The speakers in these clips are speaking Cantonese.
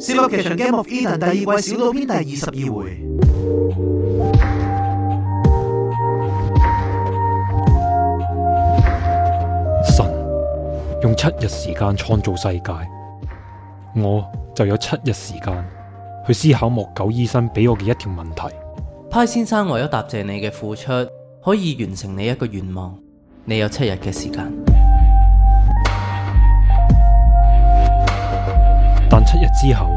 Zip 噏劇場 Game of Eden 第二季《小島篇》第二十二回。神用七日時間創造世界，我就有七日時間去思考莫九醫生俾我嘅一條問題。派先生為咗答謝你嘅付出，可以完成你一個願望，你有七日嘅時間。七日之後，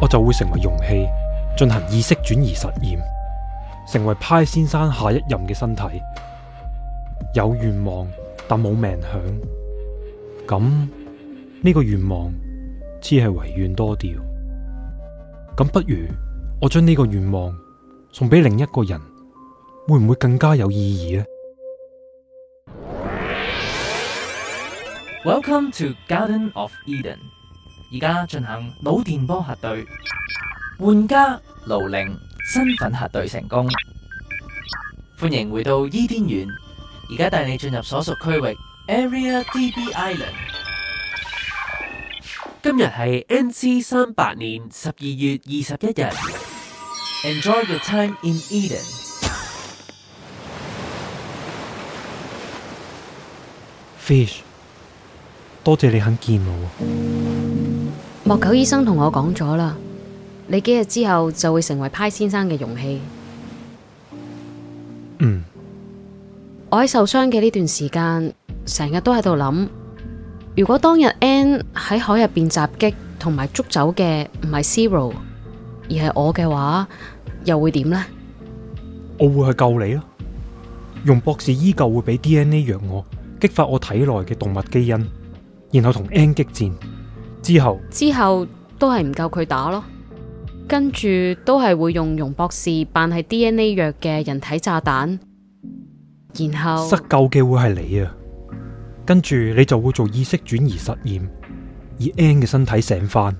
我就會成為容器，進行意識轉移實驗，成為 π 先生下一任嘅身體。有願望但冇命享，咁呢個願望似係遺願多啲。咁不如我將呢個願望送俾另一個人，會唔會更加有意義呢？Welcome to Garden of Eden。而家進行腦電波核對，玩家盧零身份核對成功。歡迎回到伊甸園，而家帶你進入所屬區域 Area DB Island。今日係 NC 38年十二月二十一日。Enjoy your time in Eden. Fish，多謝你肯見我。莫九醫生同我講咗啦，你幾日之後就會成為派先生嘅容器。嗯，我喺受傷嘅呢段時間，成日都喺度諗，如果當日 N 喺海入邊襲擊同埋捉走嘅唔係 Zero，而係我嘅話，又會點呢？我會去救你啊！容博士依舊會俾 DNA 藥我，激發我體內嘅動物基因，然後同 N 激戰。之後，之後都係唔夠佢打咯，跟住都係會用容博士扮係 DNA 藥嘅人體炸彈，然後失救嘅會係你啊，跟住你就會做意識轉移實驗，以 N 嘅身體醒返，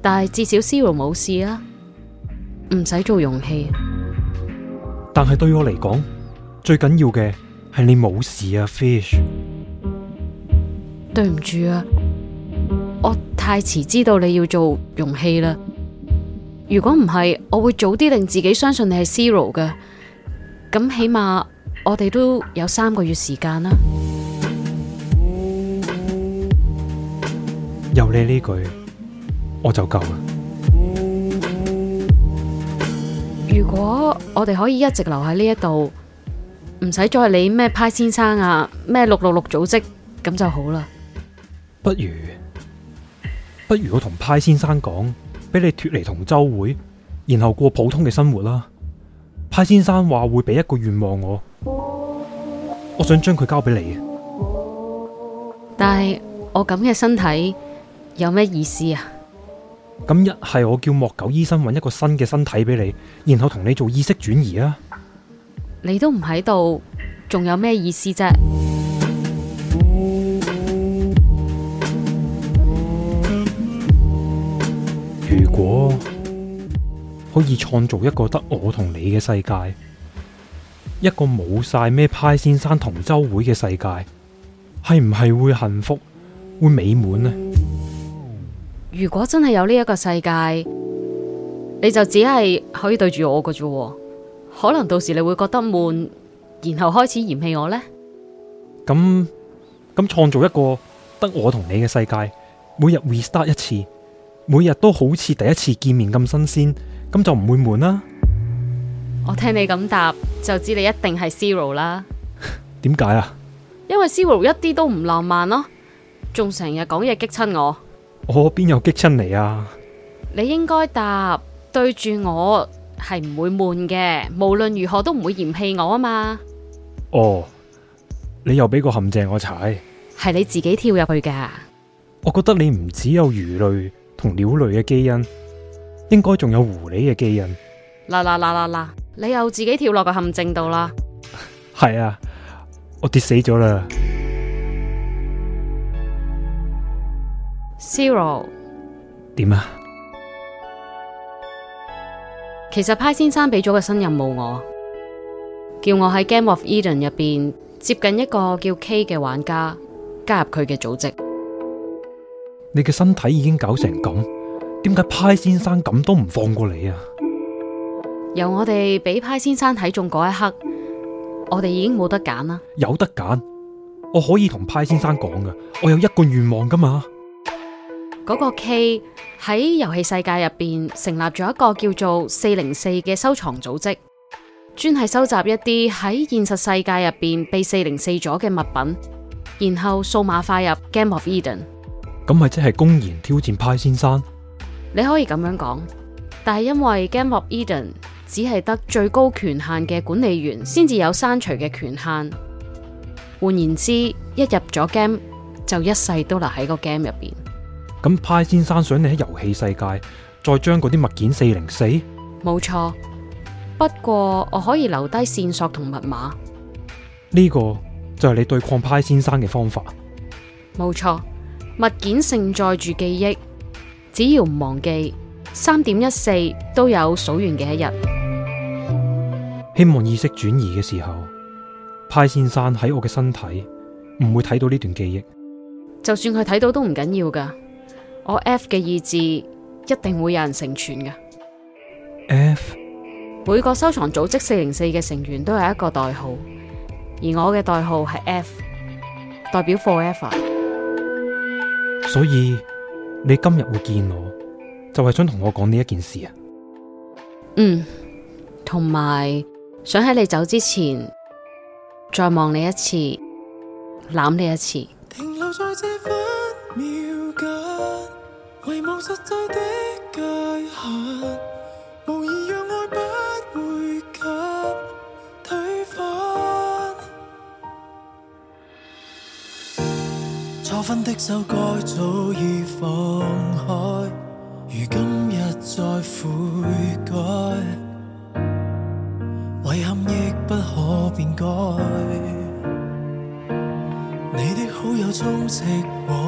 但係至少 Zero 冇事啊，唔使做容器啊，但係對我嚟講最緊要嘅係你冇事啊，Fish，對唔住啊。太遲知道你要做容器啦。如果唔係，我會早啲令自己相信你係 zero 嘅。咁起碼我哋都有三個月時間啦。有你呢句，我就夠啦。如果我哋可以一直留喺呢一度，唔使再理咩 π 先生啊，咩六六六組織，咁就好啦。不如。不如我同派先生講，俾你脫離同舟會，然後過普通嘅生活啦。派先生話會俾一個願望我，我想將佢交俾你。但係我咁嘅身體有咩意思啊？咁一係我叫莫九醫生揾一個新嘅身體俾你，然後同你做意識轉移啊！你都唔喺度，仲有咩意思啫？可以創造一個得我同你嘅世界，一個冇晒咩 π 先生同舟會嘅世界，係唔係會幸福會美滿呢？如果真係有呢一個世界，你就只係可以對住我嘅啫。可能到時你會覺得悶，然後開始嫌棄我呢。咁咁創造一個得我同你嘅世界，每日 restart 一次，每日都好似第一次見面咁新鮮。咁就唔會悶啦。我聽你咁答，就知你一定係 Zero 啦。點解啊？因為 Zero 一啲都唔浪漫咯，仲成日講嘢激親我。哦，我邊有激親你啊？你應該答對住我係唔會悶嘅，無論如何都唔會嫌棄我啊嘛。哦，你又俾個陷阱我踩，係你自己跳入去噶。我覺得你唔只有魚類同鳥類嘅基因。應該仲有狐狸嘅基因。嗱嗱嗱嗱，啦，你又自己跳落個陷阱度啦。係啊，我跌死咗啦。Zero 點啊？其實派先生俾咗個新任務我，叫我喺 Game of Eden 入邊接近一個叫 K 嘅玩家，加入佢嘅組織。你嘅身體已經搞成咁。點解派先生咁都唔放過你啊？由我哋俾派先生睇中嗰一刻，我哋已經冇得揀啦。有得揀，我可以同派先生講噶，我有一個願望噶嘛。嗰個 K 喺遊戲世界入邊成立咗一個叫做四零四嘅收藏組織，專係收集一啲喺現實世界入邊被四零四咗嘅物品，然後數碼化入 Game of Eden。咁咪即係公然挑戰派先生？你可以咁樣講，但係因為 Game of Eden 只係得最高權限嘅管理員先至有刪除嘅權限。換言之，一入咗 Game 就一世都留喺個 Game 入邊。咁 π 先生想你喺遊戲世界再將嗰啲物件四零四？冇錯。不過我可以留低線索同密碼。呢個就係你對抗 π 先生嘅方法？冇錯，物件盛載住記憶。只要唔忘記三點一四都有數完嘅一日。希望意識轉移嘅時候，派先生喺我嘅身體唔會睇到呢段記憶。就算佢睇到都唔緊要噶，我 F 嘅意志一定會有人成全嘅。F 每個收藏組織四零四嘅成員都有一個代號，而我嘅代號係 F，代表 forever。所以。你今日會見我，就係想同我講呢一件事啊。嗯，同埋想喺你走之前，再望你一次，攬你一次。停留在這分秒分的手該早已放開，如今一再悔改，遺憾亦不可變改。你的好友充斥我。